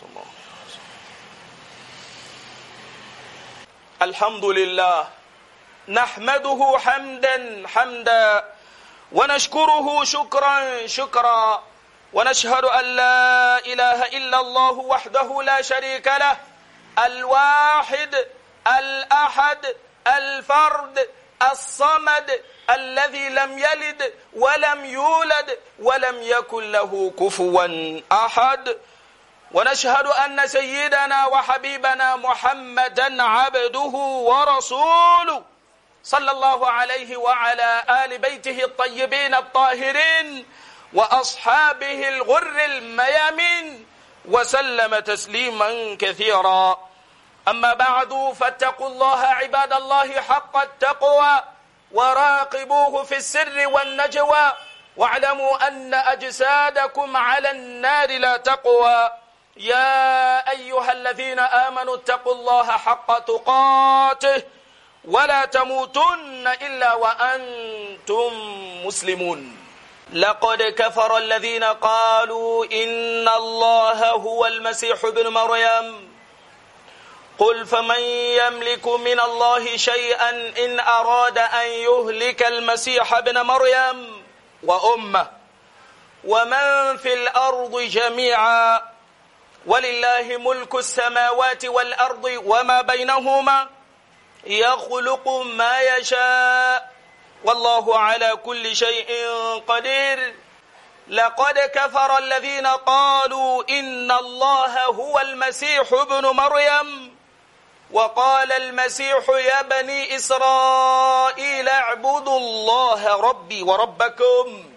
صلى الله عليه وسلم الحمد لله نحمده حمدا حمدا ونشكره شكرا شكرا ونشهد أن لا إله إلا الله وحده لا شريك له الواحد الأحد الفرد الصمد الذي لم يلد ولم يولد ولم يكن له كفوا أحد ونشهد أن سيدنا وحبيبنا محمدا عبده ورسوله صلى الله عليه وعلى آل بيته الطيبين الطاهرين وأصحابه الغر الميامين وسلم تسليما كثيرا أما بعد فاتقوا الله عباد الله حق التقوى وراقبوه في السر والنجوى واعلموا أن أجسادكم على النار لا تقوى يا أيها الذين آمنوا اتقوا الله حق تقاته ولا تموتن إلا وأنتم مسلمون لقد كفر الذين قالوا إن الله هو المسيح ابن مريم قل فمن يملك من الله شيئا إن أراد أن يهلك المسيح ابن مريم وأمه ومن في الأرض جميعا ولله ملك السماوات والأرض وما بينهما يخلق ما يشاء والله على كل شيء قدير لقد كفر الذين قالوا إن الله هو المسيح ابن مريم وقال المسيح يا بني إسرائيل اعبدوا الله ربي وربكم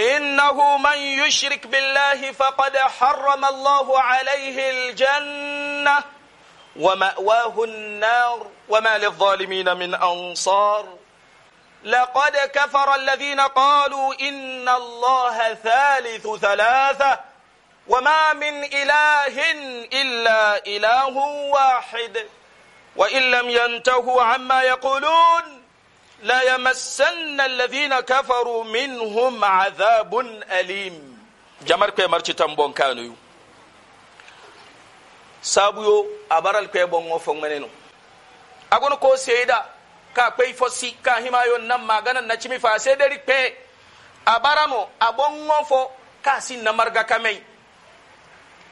إنه من يشرك بالله فقد حرم الله عليه الجنة ومأواه النار وما للظالمين من أنصار لقد كفر الذين قالوا إن الله ثالث ثلاثة وما من إله إلا إله واحد وإن لم ينتهوا عما يقولون la yamassanna alladhina kafaru minhum adhabun alim jamar kwe marci tambon kanu yu sabuyo abaral kwe bongo fongmenenu agono ko seida ka kwe fosi ka himayo nan maganan na cimi fa sai dari kwe abarano abongo fo ka sin namarga marga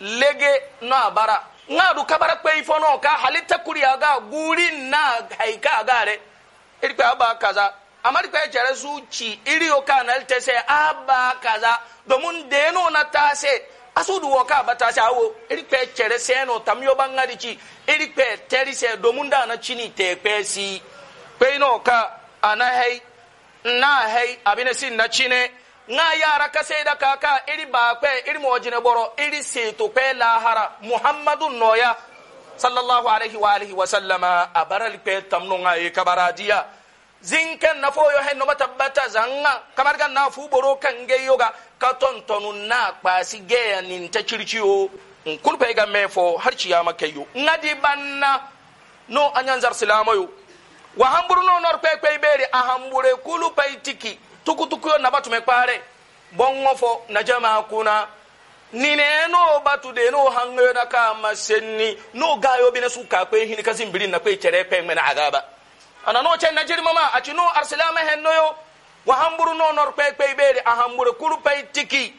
lege no abara ngadu kabara kwe fo no ka halita kuriya ga gurin na haika gare irikpe aba kaza amarikpe jere su ci iri yo ka nal tese aba kaza domin deno na tase asudu wo ka bata se awo irikpe jere se no tam yo bangari ci irikpe teri se domin da na chini te pe pe no ka ana hei na hei abine sin na chine nga yara ka da kaka iri ba kwe iri jine boro iri seto kwe lahara muhammadu noya sallallahu alaihi wa alihi wa sallama abaral pe tamno nga e kabaradiya zinken na foyo hen no matabbata zanga kamar gan na fu boro kan ge yoga ka tontonu na kpasi ge ya nin ta circiyo in kulpe ga mefo har ciya yo. ngadi banna no anyan zar silamayo wa hamburu no nor pe pe beri a hambure kulu pe tiki tukutuku yo nabatu me kpare bongo fo na jama'a kuna nine no batu de no hangoyo na ka masenni no gayo bine su ka kwe hini kasin birin na kwe chere pe mena agaba ana no chen na jiri mama achi no arsalama hen y'o wa hamburu no nor kwe kwe bere a hamburu kuru pe tiki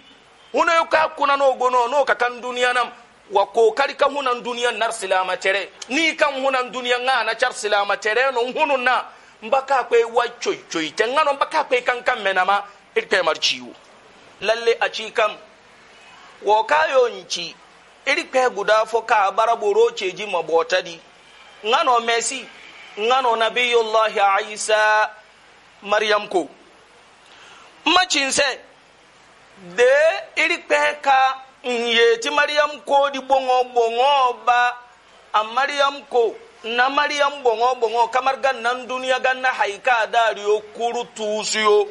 huno yo ka kuna no gono no ka kan duniya nam wa ko kari ka huna duniya nar silama chere ni kan huna duniya nga na char silama chere no hunun na mbaka kwe wa choi choi tengano mbaka kwe kan kan menama ikpe marciwo lalle achi kam wo kayo nchi iri kpe guda fo ka bara boro cheji mabota di ngano messi ngano nabiyullah isa maryam ko macin se de iri kpe ka nyeti mariam ko di bongo bongo ba a mariam ko na mariam bongo bongo kamar gan na duniya gan na haika dariyo kuru tusuyo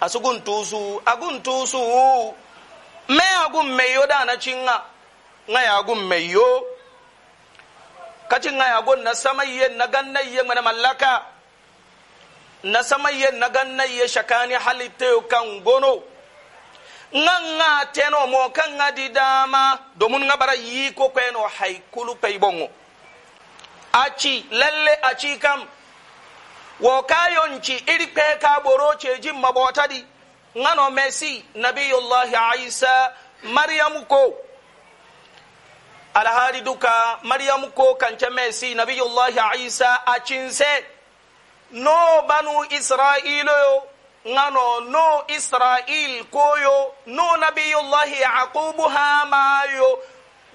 asugun tusu agun tusu mai agun mai yo dana ci nga nga ya agun mai yo kacin nga ya agun na sama iye na ganna iye mana mallaka na sama iye na ganna iye shakani halitta yo kan gono nga nga teno mo kan nga di dama domin nga bara yi ko kweno hai kulu pei bongo aci lalle aci kam wo ka yonci iri pe ka boro ceji mabota di ngano messi nabiyullahi isa maryamu ko alhali duka maryamu ko kance messi nabiyullahi isa a cinse no banu isra'ilo yo ngano no isra'il koyo no nabiyullahi yaqubu hamayo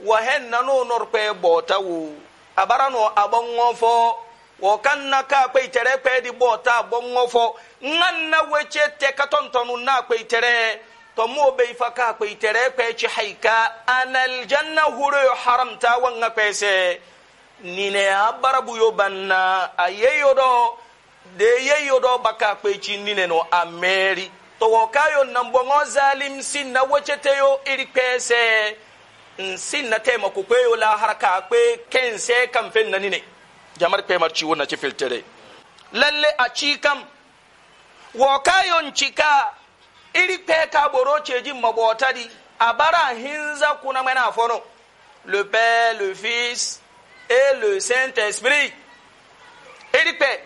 wahen nano norpe A abarano abon fo wo na ka kpe itere kpe di bo ta bo ngofo ngan na weche te ka ton na kpe itere to mo fa ka kpe itere kpe chi haika anal haram ta wanga kpe se nine abara bu yo banna ayeyo do de yeyo do baka kpe chi nine no ameri to wo ka yo nan bo ngo zalim sin na weche te yo iri kpe se nsin na te mako kpe yo la haraka kpe na jamar pemar ciwo na ci filtere lalle a ci kam wa kayon cika iri pe ka boro ceji mabotari a bara hinza kuna mana fono le père le fils et le saint esprit iri pe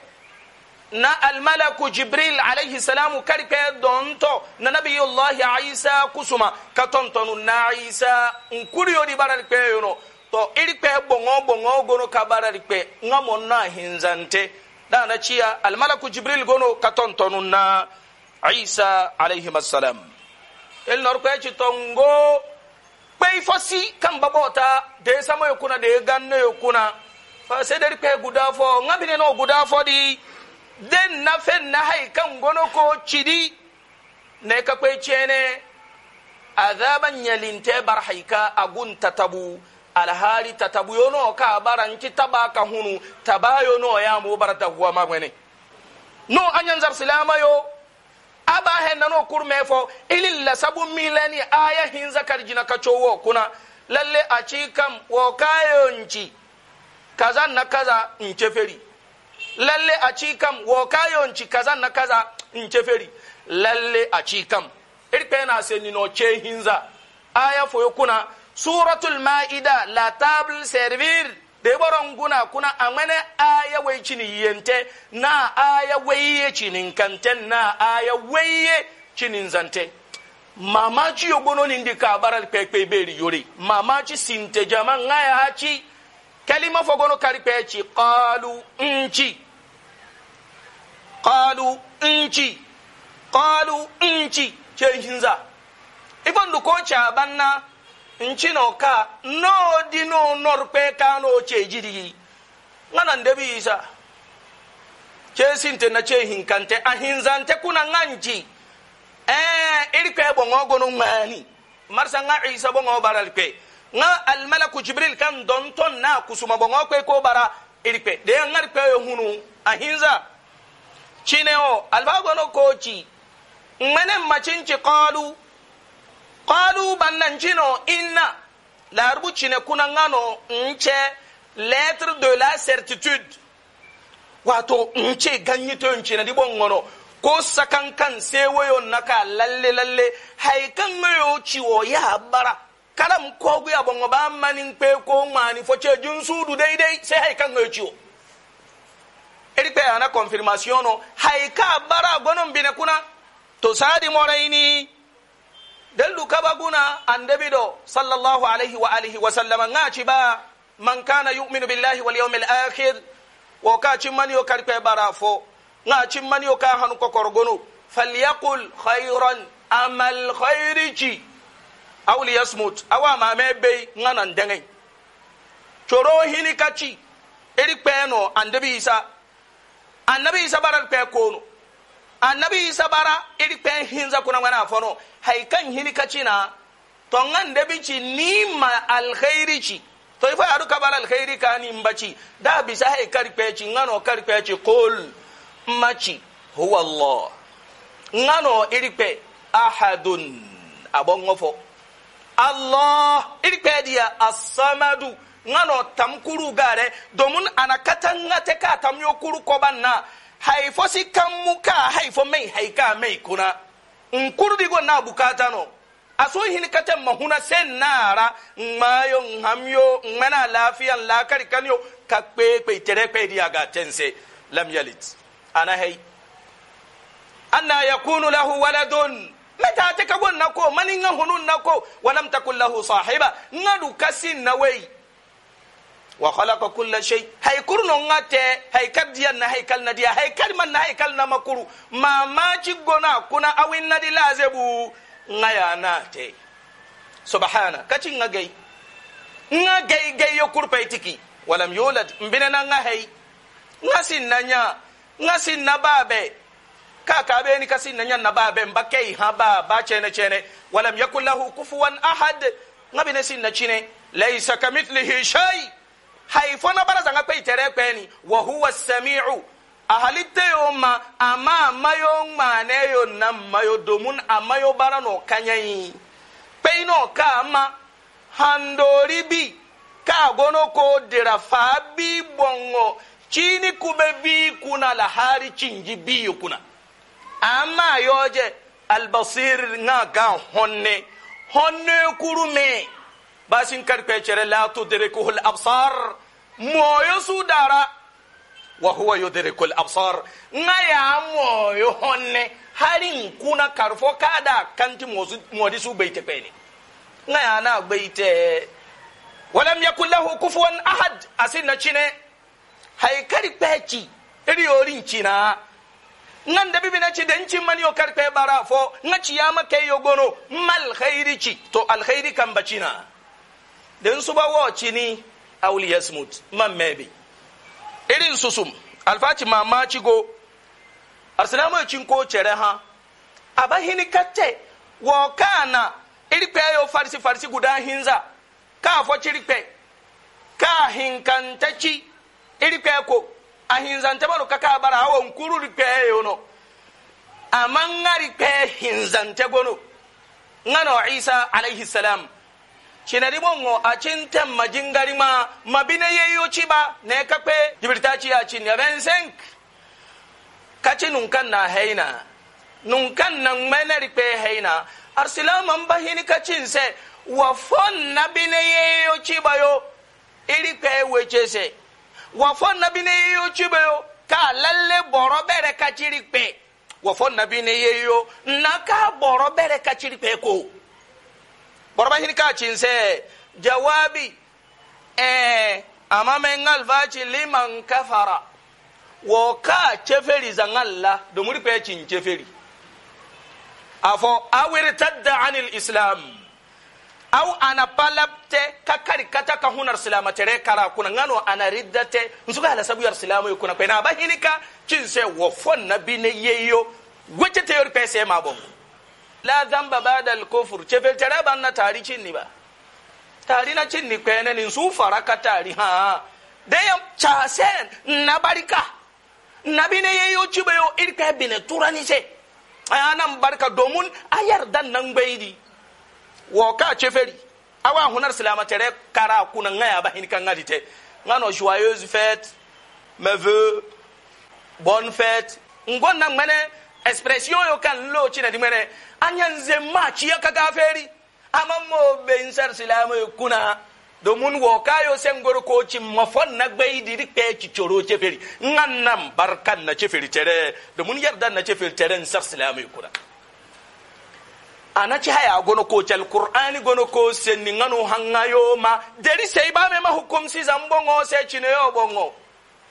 na almalaku jibril alayhi salamu kari pe donto na nabiyullahi isa kusuma na isa nkuri bara pe to iri kpe gbɔŋɔ gbɔŋɔ gono kabara ri kpe na hinzante dana ciya almalaku jibril gono ka na isa alayhim assalam el nɔr kpe ci tɔngo fosi kan babota de samo yo kuna de ganno yo kuna fa sederi kpe guda fo ŋa no guda fo di den na na hay kan gono ko cidi ne ka kpei cene azaban yalinte a hayka agun tatabu alhaali yono ka bara nki taba ka hunu tabayono yambo barata huwa ma gwene no zar silama yo aba hen nano kurme fo ilil la sabu milani aya hinza ka chowo kuna lalle a ci kam wo kayo nci kaza na kaza nce feri lalle a ci kam wo kayo nci kaza na kaza nce feri lalle a ci kam irpe na se ni no ce hinza aya foyo kuna suratul ma'ida la table servir da boron guna kuna a aya wechini yente na aya waiye chini nkante na aya waiye cinin zante mamaci yogono ni ndi ka pepe beri yori mamaci sinte jama ngaya hachi kalima fogono kari peci qalu inchi qalu inchi qalu inchi cejinza ifan du ko banna. nchino ka no di no nor pe ka no che jiri ngana ndebi isa che sinte na che hinkante ahinzante kuna nganji eh iri kwe bongo gono ngani marsa nga isa bongo baral kwe nga al malaku jibril kan don ton na kusuma bongo kwe ko bara iri kwe de ngar kwe yo hunu ahinza chine o alba gono kochi ngane machinchi qalu qalu bannancino inna larabu cine kunangano nce lettre de la certitude wato nce ganyitoyon cina di bongono ko sakan kan sewoyon naka lalle lalle kan ngayo ciwo ya bara karam kogu ya bongo ba manin pe ko ngani foce jun sudu daidai sai kan ngayo ciwo eri pe ana confirmation no ka bara gonon bine kuna to sadi moraini دلو كبغنا أن دبدو صلى الله عليه وآله وسلم ناجبا من كان يؤمن بالله واليوم الآخر وكاتم من يكر برافو ناجم من يكاهن كوكورغنو فليقل خيرا أما الخيرجي أو ليصمت أو ما مبي نانا دنين coro hini kaci iri kpeno annabi isa annabi isa baral kpe kono annabi isa bara iri pen hinza kuna ngana fono hay kan hini kacina to ngan de bici ni ma alkhairi ci to ifa adu kabal alkhairi ka ni mbaci da bisa hay kari peci ngano kari peci qul maci huwa allah ngano iri pe ahadun abongo fo allah iri pe dia as-samadu ngano tamkuru gare domun ana katanga te ka tamyo kuru ko banna haifo si mu ka haifo mai haika mai kuna nkurdi go na bukata no aso hin kata mahuna sen nara mayo hamyo mana lafiya la kanyo ka pe pe tere pe dia ga tense lam yalit ana hay anna yakunu lahu waladun mata ta ka na ko manin hunun nako walam takul lahu sahiba ngadu kasin nawai وخلق كل شيء هيكل نغاتي هيكل ديالنا هيكل نديا هيكل من هيكل نمكرو ما ما تشغنا كنا اوين ندي لازبو ngayanate subhana kati nga gay nga gay gay yokur paitiki walam yulad mbine na nga hay nga sinna nya nga sinna babe kaka beni kasinna nya na babe mbakei ha baba chene chene walam yakul lahu kufuwan ahad nga bine sinna chine laysa kamithlihi shay' na bara zanga kpe itere kpe wa huwa sami'u ahalite yo ma ama amayo ngmane yo na mayo domun amayo bara no kpe no ka ama handori bi ka gono ko dira fa bi bongo chini kube bi kuna lahari chinji bi kuna ama yoje albasir nga ga honne honne kurume basin karfe chere latu tudrikuhu al-absar moyo dara wa huwa yudriku al-absar ya moyo honne harin kuna karfo kada kanti modi su baite pene ngaya na te. walam yakul lahu kufuwan ahad cine. chine karfe ci. iri orin china nan da bibi na ci dan cin mani okar bara fo na ci ya maka yogono mal khairi ci to alkhairi kan bacina den suba wo chini awli smooth man mebe irin susum alfaci mamaci go arsinamu cin ko cere ha A ba abahini kace wo kana irikpe yo farisi farisi guda hinza ka fo chirikpe ka hinkantachi irikpe ko A ahinzante ka kaka bara awo nkuru rikpe yo no ngari rikpe hinzante gono ngano isa alaihi salam shinari bongo a cin cinta majingari ma mabine yeyo ba ne kakpe jibirta ci a cinni vingt kaci nunkan na heina nunkan na ŋmenari kpe heina arsilaman bahini kacin se wa fon na bine yeyo ba yo iri kpe wece se wa fon na bine yeyo ba yo ka lalle boro bere kaciri kpe wa fon na bine yeyo na ka boro bere kaciri kpe ko borba hin ka cin se jawabi eh amma men alfa liman kafara wo ka ceferi zan Allah domin pe cin ceferi afo awir tadda anil islam aw ana palapte kakari kata ka hunar silama tere kara kuna ngano ana riddate nsuka ala sabu yar silama kuna kwena bahinika cinse wo fonna bine yeyo wece teyor pese mabongo la zamba ba da alkofur ce tare ban na tari cin ni ba tari na cin ni kwene ni su ka tari ha da ya chasen na barika nabi ne yayi oci bayo irka bine turani ce barka domin ayar nan gbaidi wa ka ce awa hunar silama tare kara kuna ngaya ba hin kan ngadite ngano joyeuse fête mes vœux bonne fete ngon na mene expression yo kan lo china dimene anya nze ma chi ya kaga feri amma mo be insar silama kuna domin wo kayo sen goro ko cin mafon na gbai diri pe ci coro ce feri ngan nan barkan na ce feri tere domin yarda na ce feri tere insar silama kuna ana ci haya gono ko cal qur'ani gono ko sen ni ngano hangayo ma deri sei ba me ma hukum si zambongo se chine yo bongo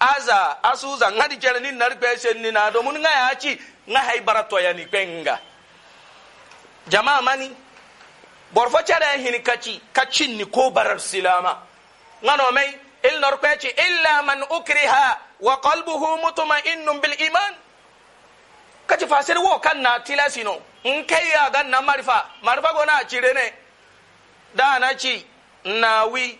aza asuza ngadi kere ni nar kwe sen ni na do nga ya chi nga hay barato ya ni penga jamaa mani borfo cere hini kachi kachin ni ko barar silama ngano mai il nar chi illa man ukriha wa qalbuhu mutma'innun bil iman kachi fasir wo kan na tilasino in ya ga na marifa marifa gona cire ne da na chi nawi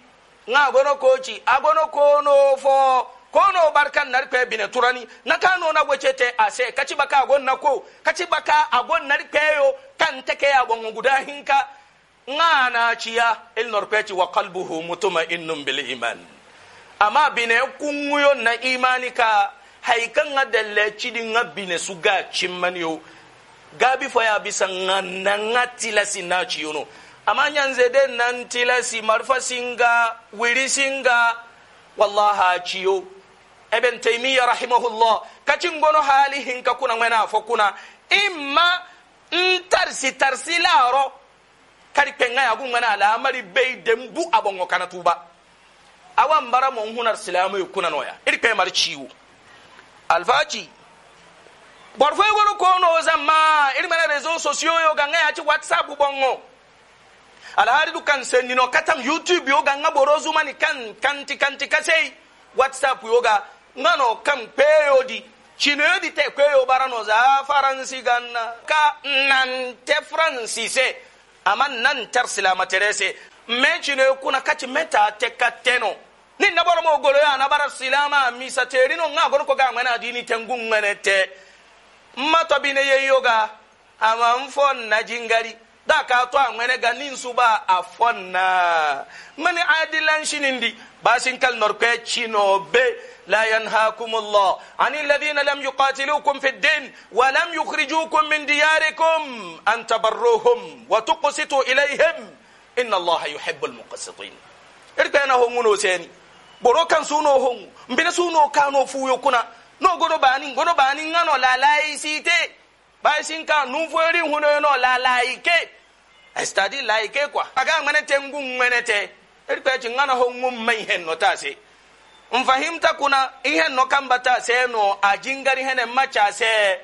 nga gono kochi agono kono fo ko no barkan narpe bine turani na kano na gwacete a se kaci baka a gon na ko kaci baka a agon narpe yo kan take ya gon guda hinka ngana ciya il norpeci wa qalbuhu mutma'innun bil iman amma bine kunguyo na imani ka haikan ga dalle cidi ga bine su ga cimman yo gabi fa ya bisa ngati la sinaci yo no amma nyanze den nan tilasi marfa singa wiri singa wallaha ciyo ibn taymiya rahimahullah kacin gono halihin ka kuna ngwena fo kuna imma ntarsi tarsi laaro kari penga ya gungana alamari bei dembu abongo kana tuba awan bara mon hunar silamu kuna noya iri kai mar ciwo alfaci borfo gono kono zamma iri mena reseaux sociaux yo ganga ya ci whatsapp bongo alhari du kan sennino katam youtube yo ganga borozumani kan kanti kanti kasei whatsapp yoga ngano kan peyodi cinoyodi te kweyo barano za faransi ganna ka nante fransise ama nantar silamaterese me cinoyo kuna kaci meta te katteno nin golo y'a nabara silama misa terino nga gono ko ga ŋmene adini tengu ŋmene te mmatobine yeyoga ama nfo na jingari da ka to an wani ga nin su ba a fonna mani adilan shi ba bashin kal norkwe chino be لا ينهاكم الله عن الذين لم يقاتلوكم في الدين ولم يخرجوكم من دياركم أن تبروهم وتقسطوا إليهم إن الله يحب المقسطين إركانا هم نوسيني بروكان سونو هم مبين سونو كانوا فويو كنا نو غنو باني غنو باني غنو لا لا يسيتي بايسين كان نوفوري هنو لا لا يكي estadi la ike kwa aga ngwenete ngu ngwenete erikwe chi ngana ho ngu mma ihe nnọtaasị mfahimta kuna ihe ta se no ajingari hene se.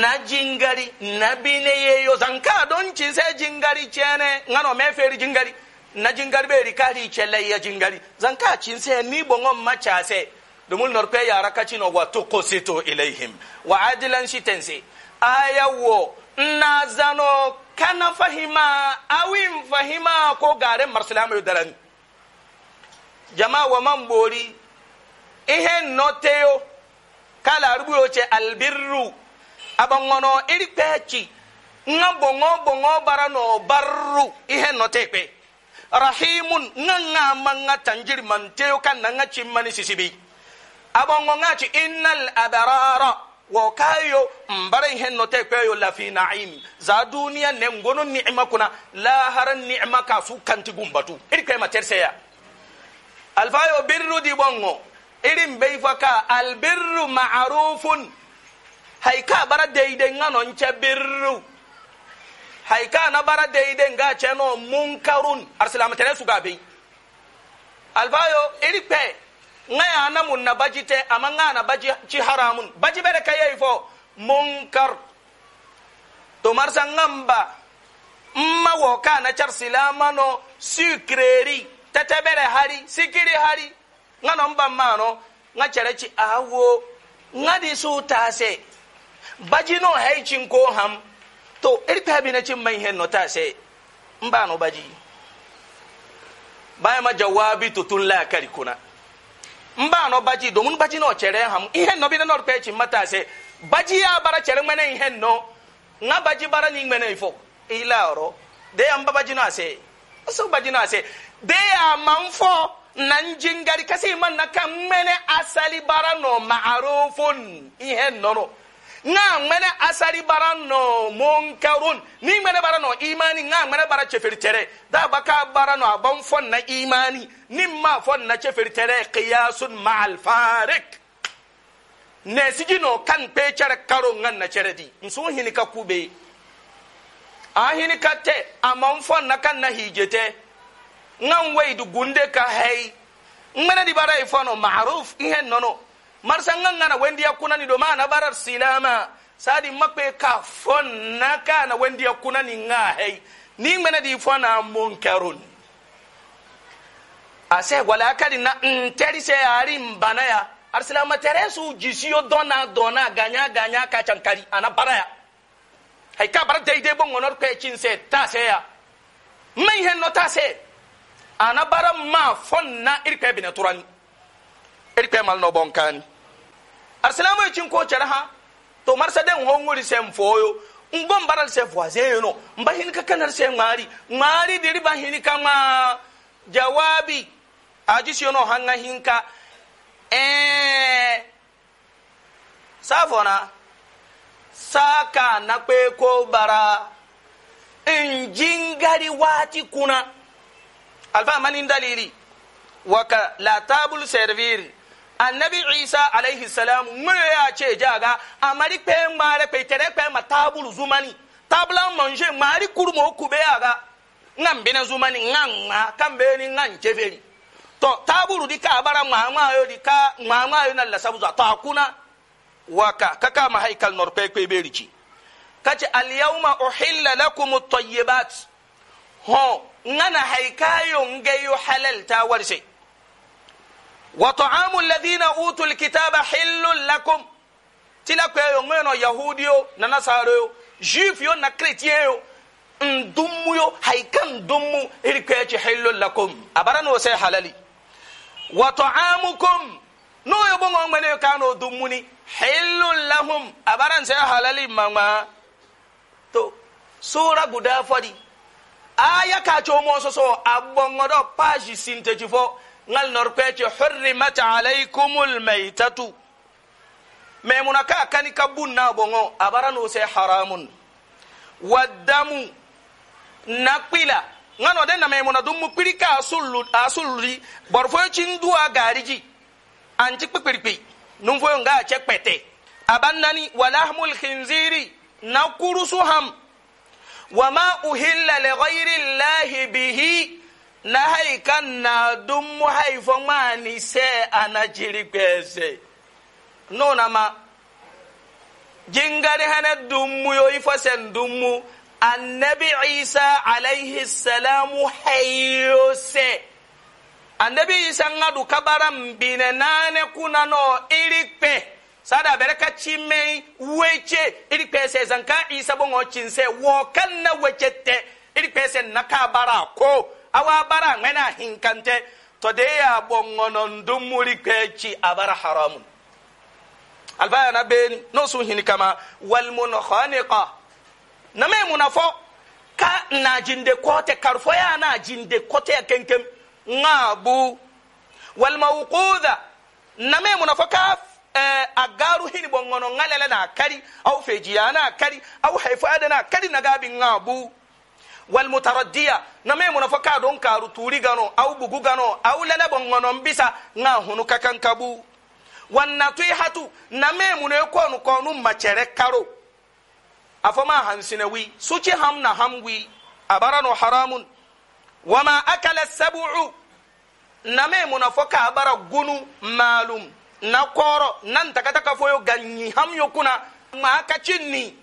na jingari na bine yeyo zanka don cin sai jingari cene ngano me feri jingari na jingari k'a kari cele ya jingari zanka cin sai ni bongo macha se dumul norpe ya rakaci no wa tuqsitu ilaihim wa adilan shitense aya wo na zano kana fahima awin fahima ko garen dara ni. jama wa man bori ihe noteo kala rubuyo ce albirru abangono iri peci nga bongo bongo bara no barru ihe note kpe rahimun nga nga manga tanjir manteo kan nga chimmani sisibi abango nga ci innal abarara wo kayo mbara hen no te peyo la fi na'im za duniya ne ngono ni'ma kuna la haran ni'ma ka su kanti gumbatu iri kai mater seya alfayo birru di bongo iri mbei faka birru ma'rufun haika bara deide ngano nche birru haika na bara deide nga cheno munkarun arsalama tere su gabe alfayo iri pe ngaya na mun na baji te amma nga na baji ci haramun baji bere kaye fo munkar to marsa ngamba mma wo ka na char silama no sikreri tete bere hari sikiri hari nga no mba ma no nga chere ci awo nga di su ta se baji no hai cin ko ham to iri ta bi na cin mai hen no tase mba no baji bayan ma jawabi tutun la kari kuna mba no baji domin baji no chere ham ihe no bi no pe chi mata se baji ya bara chere mene ihe no nga baji bara ni mene ifo ila oro de ya baji no ase so baji no ase de ya nan na njingari kasi man na kan mene asali bara no ma'arufun ihe no no nga ŋmɛnɛ asari bara nɔ munkarun ni ŋmɛnɛ bara nɔ imani nga ŋmɛnɛ bara cɛfɛri tɛrɛ da ba ka bara nɔ a ban fɔ na imani ni ma fɔ na cɛfɛri tɛrɛ kiyasun ma alfarik nɛsiji nɔ kan kpe karo nga na cɛrɛ di muso hini ka ku be a hini ka tɛ a man fɔ na ka na hije tɛ nga n wayidu gunde ka hayi ŋmɛnɛ di bara yi e fɔ nɔ maruf ihe nɔnɔ marsangan ngana wendiya kunani do mana barar silama sadi makpe ka na fonna kana wendiya kunani nga hey ni mena di fona munkarun ase wala kadi na nteri se ari mbana ya arsilama teresu jisiyo dona dona ganya ganya ka chankari ana baraya hay ka bar dai dai bon onor kwe se ta se ya mai hen no ta se ana bara ma fonna irpe bina turani eri kpe mal no bon kan arsalama yi e cin ko ha to marsa den hon wuri sem foyo ngom baral se voisin yo no mba hin ka kanar se ngari ngari diri ba hin ka ma jawabi aji si no hanga hin ka eh savona saka na kpe ko bara injingari wati kuna alfa manin dalili waka la tabul servir annabi isa alaihi salam mun ya ce jaga amari pe mare pe tere pe ma tabulu zumani tabla manje mari kurmo kube aga ngam bina zumani ngam ma kambe ni ngam cheferi to tabulu di ka bara mama yo dika ka mama yo na la sabu za takuna waka kaka ma haikal norpe pe berici kace al yawma uhilla lakum at-tayyibat ho ngana haikayo ngeyo halalta warse وطعام الذين اوتوا الكتاب حل لكم تلا كيو نوينو يهوديو ننصاريو جيفيو نكريتيو ندمو يو هيكن دمو إلكيتي حل لكم أبرن وسي حلالي وطعامكم نو يبون غنبني كانوا دموني حل لهم أبرن سي حلالي ماما تو سورة قدافة دي آية كاتو موسوسو أبون غدو باجي سنتجفو ngal norpeche hurrimat alaykumul maytatu me munaka kani kabun na bongo abarano se haramun waddamu nakpila ngano den na memuna dum piri ka sullu asulri borfo chin duwa gariji anti kpikpirpi num fo nga che kpete abannani walahmul khinziri na wama uhilla li ghayri llahi bihi na haika na dum haifo mani se anajiri kwese nona ma jingari hana dummu yo ifo sen dummu annabi isa alaihi salamu hayo se annabi isa ngadu kabaran bine nane kuna no irikpe sada bereka chimei weche irikpe se zanka isa bongo chinse wokan na weche te irikpe se nakabara ko awa bara ŋmɛna hinkante to de ya bɔngɔnɔ ndumuri kpɛɛci a bara haramun na beeni n'o su hini kama walmunkhaniqa na me fɔ ka na jinde kɔɔte karifɔ ya jinde kɔte ya kenkem ŋaabu walmawquda na me fɔ ka eh, agaru hini bɔngɔnɔ ŋalɛlɛ na kari aw fejiya na kari aw haifada na kari ŋa bu. walmutaraddiya na me muna faka don karu turi gano au bugu gano au lele bongonon bisa na hunu kakan kabu wanna hatu na me muna ko nu ko nu macere karo afama hansine wi suci ham na ham wi abarano haramun wama akala sab'u na me muna faka abara gunu malum na koro nan takataka foyo ganyi ham yokuna ma aka ni.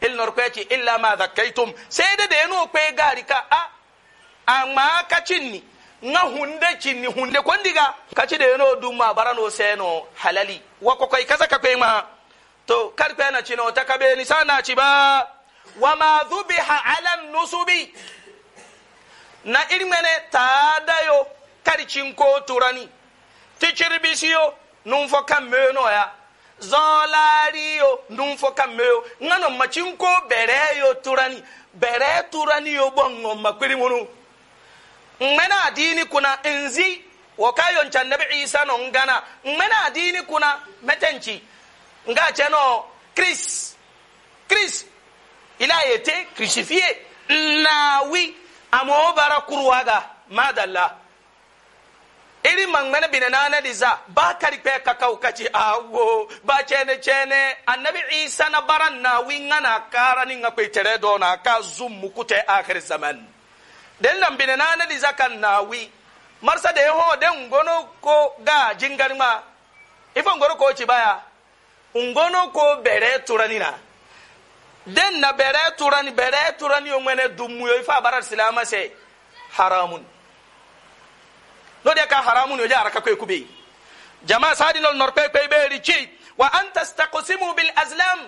il ya ce illa ma zakkaitum sai da da yano kwe gari ka a amma ka cinni na hunde cinni hunde Ka kaci da yano dumma barano seno halali wa ko kai kaza ka kai ma to kar kwe na cino ta kabe ni sana ci ba wa ma zubiha ala nusubi na irmene ta dayo kar ko turani ti cirbisiyo nun fo kan meno ya zolariyo ndumfo kammeyo ngano macinko bereyo turani bere turaniyo bongo makwiri ngunu ngmena adini kuna nzi wokayonca nabi isa no ngana ngmena adini kuna metenci nga ceno chris chris ila yete crucifié nawi amo bara kurwaga madalla iri mangmene bine nana diza ba kari ka kakau kaci awo ba cene cene annabi isa na baran na winga na kara ni nga tere do na ka zum mukute akhir zaman den lam bine nana diza kan na wi marsa de ho den gono ko ga jingar ma ifo ngoro ko ci baya ngono ko bere turani na den na bere turani bere turani o ngene dumuyo ifa barar silama se haramun no de ka haramu no jara ka kube jama sadi nol nor kwe be ri wa anta tastaqsimu bil azlam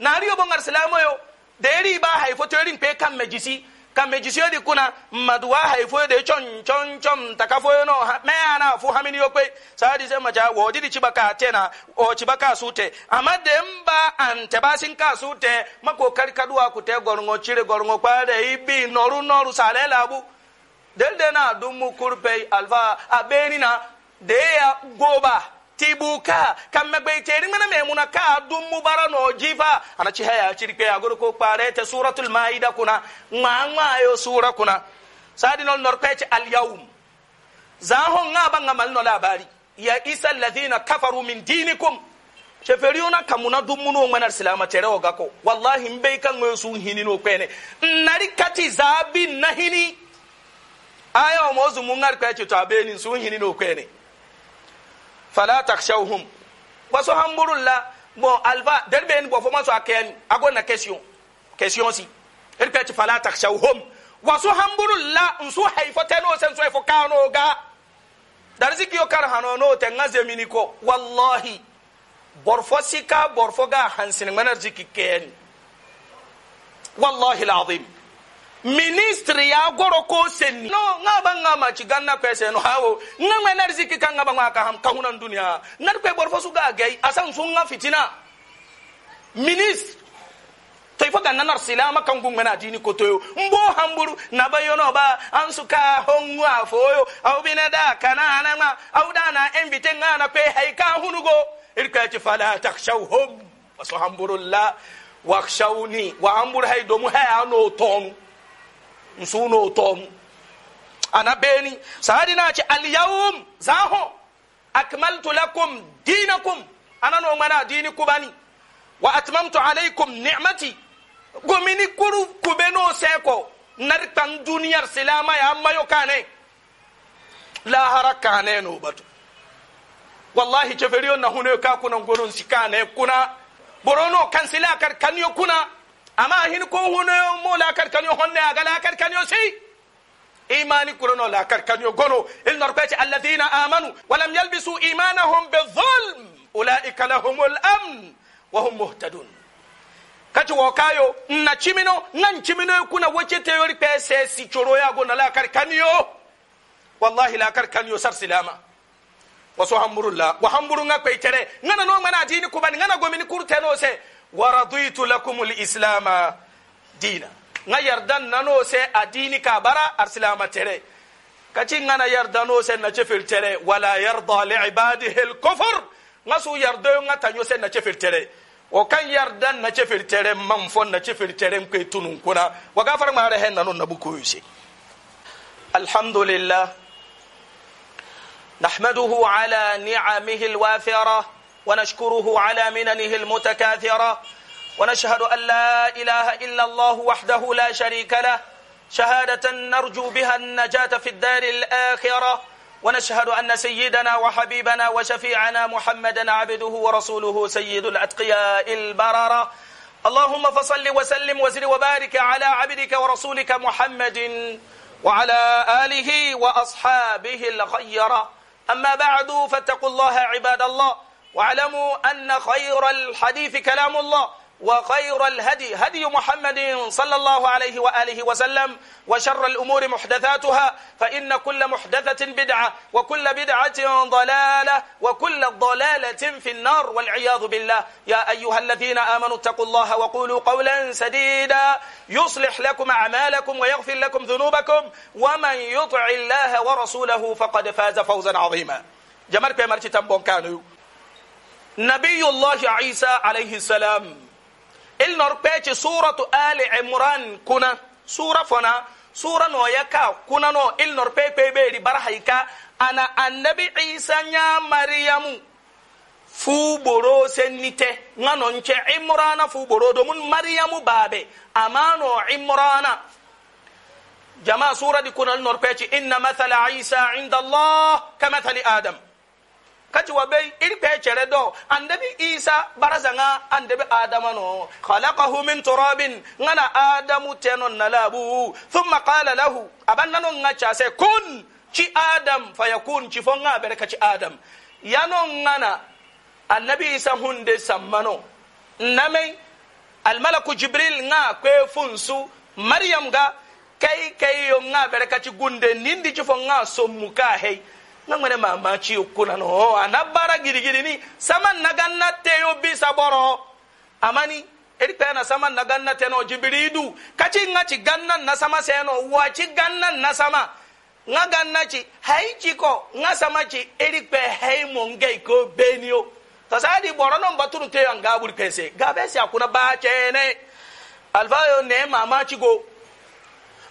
nari yo bongar salamo yo de ba haifo to rin pe kan mejisi kan mejisi yo di kuna maduwa haifo de chon chon chon takafo yo no me ana fu hamini yo kwe sadi se maja wo di chibaka tena o chibaka sute amade mba ante basin ka sute mako karkaduwa ku te gorngo chire gorngo kwade ibi noru noru salela bu del de na dummu kurpe alfa a ɓenina deya goba tibuka kan ɓey teri mena memuna ka dummu bara no jifa ana ci haya agoro ko kparete suratul maida kuna ma ŋmayo sura kuna sadinol norpece alyawm zahon nga ɓa ŋa malino labari ya isa alladhina kafaru min dinikum Cheferiona kamuna no ngana silama tere o gako wallahi n ɓey ka ŋoyo hinino kwene nari kati nahini aya omozu mungar kwa ngar kwe to abeni sun hini no kwene fala takshawhum waso hamburulla bon alfa derbe en bo fo so aken agona question question si er kwe to fala takshawhum waso hamburulla nsu haifo teno sen so haifo kano ga darziki kiyo kar hanono te ngaze miniko wallahi borfo sika borfo ga hansin manar jiki ken wallahi alazim ministre ya goro ko senni no nga ba nga ma ci ganna pese no hawo nga me na riziki kan nga ba nga ka ham ka hunan dunya na ko bor fosu ga gai asan sun nga fitina ministre to ifo ganna nar silama kan gun mena dini ko to mbo hamburu na ba yono ba an su ka hongu afoyo au bina da kana na ma au da na invite nga na pe hay ka hunugo irka ci fala takshawhum wasu hamburullah wakshawni wa hamburu hay domu hay ano tonu nsuno tomu ana beni sahadi na ci alyawm zaho akmaltu lakum dinakum ana no mana dini kubani wa atmamtu alaykum ni'mati gomini kuru kubeno seko nartan duniyar silama ya amma yo kane la haraka ne no batu wallahi keferiyo na huno ka kuna gonon sikane kuna borono kansila kar kanyo kuna ama hin ko huno mo la kar kanyo honne aga la kar kanyo sei imani kurono la kar kanyo gono il nar ko alladhina amanu wa lam yalbisu imanahum bidhulm ulaika lahumul amn wa hum muhtadun kati wo kayo na chimino na chimino kuna woche teori pese si choro ya gona la kar kanyo wallahi la kar kanyo sar silama wasu hamburulla wa hamburunga kwaitere ngana no ngana jini kubani ngana gomini kurteno se wa raditu lakum lislama dina nga yardan nano se adini ka bara arsilama tere kaci ngana yardano se na cefel tere wala yarda li ibadihi lkufr nga su yardoyo nga taño se na cefel tere o kan yardan na cefel tere man fo na cefel tere nkwe tunun kuna waga far ngare hen nanu nabu koyuse alhamdulillah نحمده على نعمه الوافره ونشكره على مننه المتكاثرة ونشهد أن لا إله إلا الله وحده لا شريك له شهادة نرجو بها النجاة في الدار الآخرة ونشهد أن سيدنا وحبيبنا وشفيعنا محمدا عبده ورسوله سيد الأتقياء البررة اللهم فصل وسلم وزر وبارك على عبدك ورسولك محمد وعلى آله وأصحابه الخيرة أما بعد فاتقوا الله عباد الله واعلموا أن خير الحديث كلام الله وخير الهدي هدي محمد صلى الله عليه وآله وسلم وشر الأمور محدثاتها فإن كل محدثة بدعة وكل بدعة ضلالة وكل ضلالة في النار والعياذ بالله يا أيها الذين آمنوا اتقوا الله وقولوا قولا سديدا يصلح لكم أعمالكم ويغفر لكم ذنوبكم ومن يطع الله ورسوله فقد فاز فوزا عظيما جمرك يا مرشي تنبون كانوا نبي الله عيسى عليه السلام إلنا رقبت سورة آل عمران كنا سورة فنا سورة نوياكا كنا نو إلنا رقبت بيري برحيكا أنا النبي عيسى يا مريم فوبرو سنيت نانونك عمران فوبرو دومن مريم بابي أمانو عمران جماعة سورة دي كنا إن مثل عيسى عند الله كمثل آدم kati wa bei iri pe chere do andabi isa baraza nga andabi adama no khalaqahu min turabin ngana adamu teno nalabu thumma qala lahu abanna no nga chase kun ci adam fayakun ci fonga bere kaci adam yano ngana annabi isa hunde sammano name almalaku jibril nga kwe funsu maryam ga kai kai yo nga bere kaci gunde nindi ci fonga sommu ka hey nga ŋmene mamaci kuna no oh, ana bara girigirini saman naganna teyo bisa boro amani eri kpe na saman naganna teno jibiridu kaci nga ci gannan na sama seno waci gannan na sama nga ganna ci hai ciko nga sama ci eri kpe hai mongei ko benio tasadi boro non baturu teyo an gaburi pese gabesi akuna ba alfayo ne ne mamaci go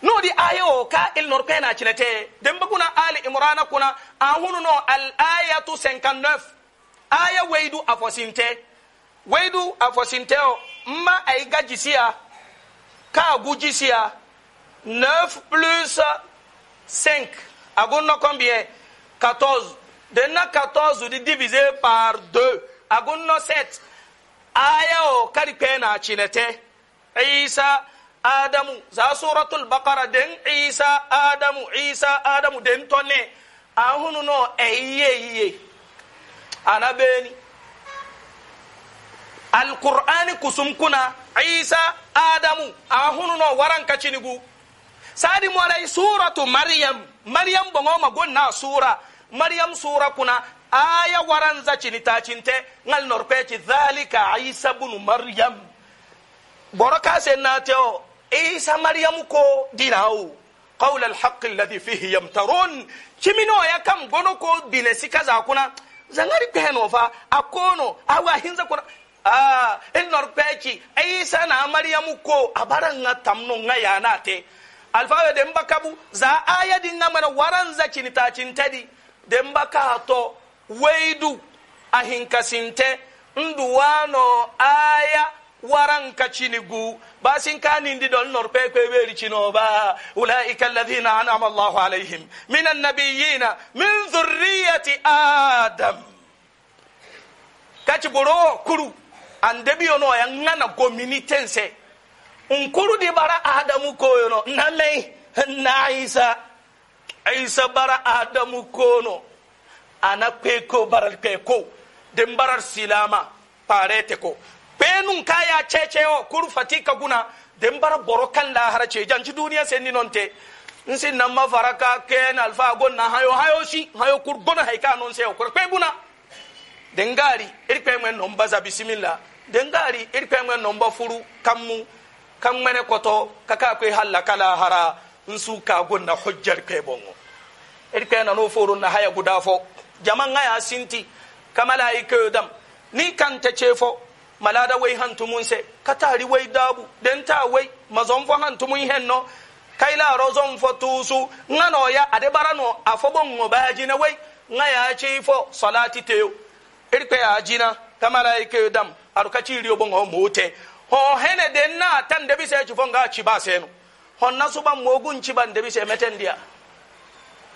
no di aya o ka il nor kena chilete demba kuna ali imrana kuna ahunu no al ayatu 59 aya weidu afosinte weidu afosinte o ma ay gajisia ka gujisia 9 plus 5 agunno combien 14 denna 14 di diviser par 2 agunno 7 aya o kari kena chilete isa adamu za suratul bakara den isa adamu isa adamu den tonne ahunu no eyiye yiye ana beni alqur'ani kusum kuna isa adamu ahunu no waran kacinigu sadi molay suratu maryam maryam bongo magon na sura maryam sura kuna aya waran zacini tacinte ngal norpeci dhalika isa bunu maryam boro kasen isa maryamu ko dirawo qawla alhaqi alladhi fihi yamtarun chimino ya kam gono ko bine sika kuna zangari peno fa akono awa hinza kuna ah nor peki isa na maryamu ko na tamno yana te alfawe de mbakabu za ayadi dinga mana waranza cinita cintadi de mbaka to weidu ahinkasinte nduwano aya ورن كتشينيغو باسين كان دي دول نور بي بي بيري تشينوبا اولئك الذين انعم الله عليهم من النبيين من ذرية ادم كاتبورو كرو اندبيو نو يانغانا كومينيتنسي nkuru di bara adamu koyono na mai na isa isa bara adamu kono ana kweko baral kweko den barar silama parete ko benu kaya ya ceceo kuru fatika guna dembara borokan la kan janji ce janci duniya sen ni nonte nsi namma faraka ken alfa gon na hayo hayo shi hayo kur gona haika non se ko pe buna dengari gari pe men nomba za bismillah dengari gari pe men nomba furu kammu kan mene koto kaka ko halla kala hara nsu ka gon na hujjar pe bongo iri pe na no furu na haya gudafo fo jaman ya sinti kamala ike ni kan tachefo malada wei hantumunse katari wei dabu denta wei mazonfo hantumun henno kaila rozonfo tusu ngano ya adebarano afobongo bajina wei ngaya chifo salati teo irpe ajina kamalaike dam arukachiri obongo mute ho hene denna tan debise chifo nga chibaseno honna suba mogun chiban debise metendia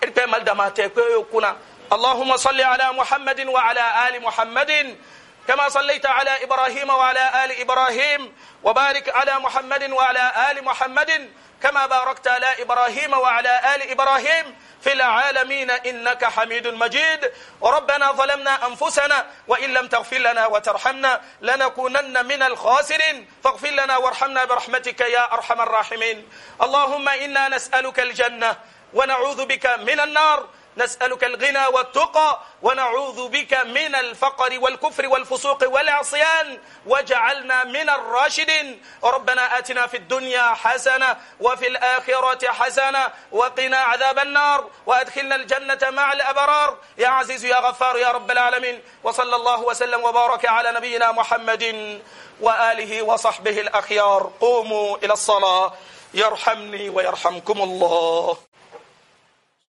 irpe maldama tekwe kuna اللهم صل على محمد وعلى ال محمد كما صليت على إبراهيم وعلى آل إبراهيم وبارك على محمد وعلى آل محمد كما باركت على إبراهيم وعلى آل إبراهيم في العالمين إنك حميد مجيد ربنا ظلمنا أنفسنا وإن لم تغفر لنا وترحمنا لنكونن من الخاسرين فاغفر لنا وارحمنا برحمتك يا أرحم الراحمين اللهم إنا نسألك الجنة ونعوذ بك من النار نسألك الغنى والتقى ونعوذ بك من الفقر والكفر والفسوق والعصيان واجعلنا من الراشدين ربنا آتنا في الدنيا حسنة وفي الآخرة حسنة وقنا عذاب النار وأدخلنا الجنة مع الأبرار يا عزيز يا غفار يا رب العالمين وصلى الله وسلم وبارك على نبينا محمد وآله وصحبه الأخيار قوموا إلى الصلاة يرحمني ويرحمكم الله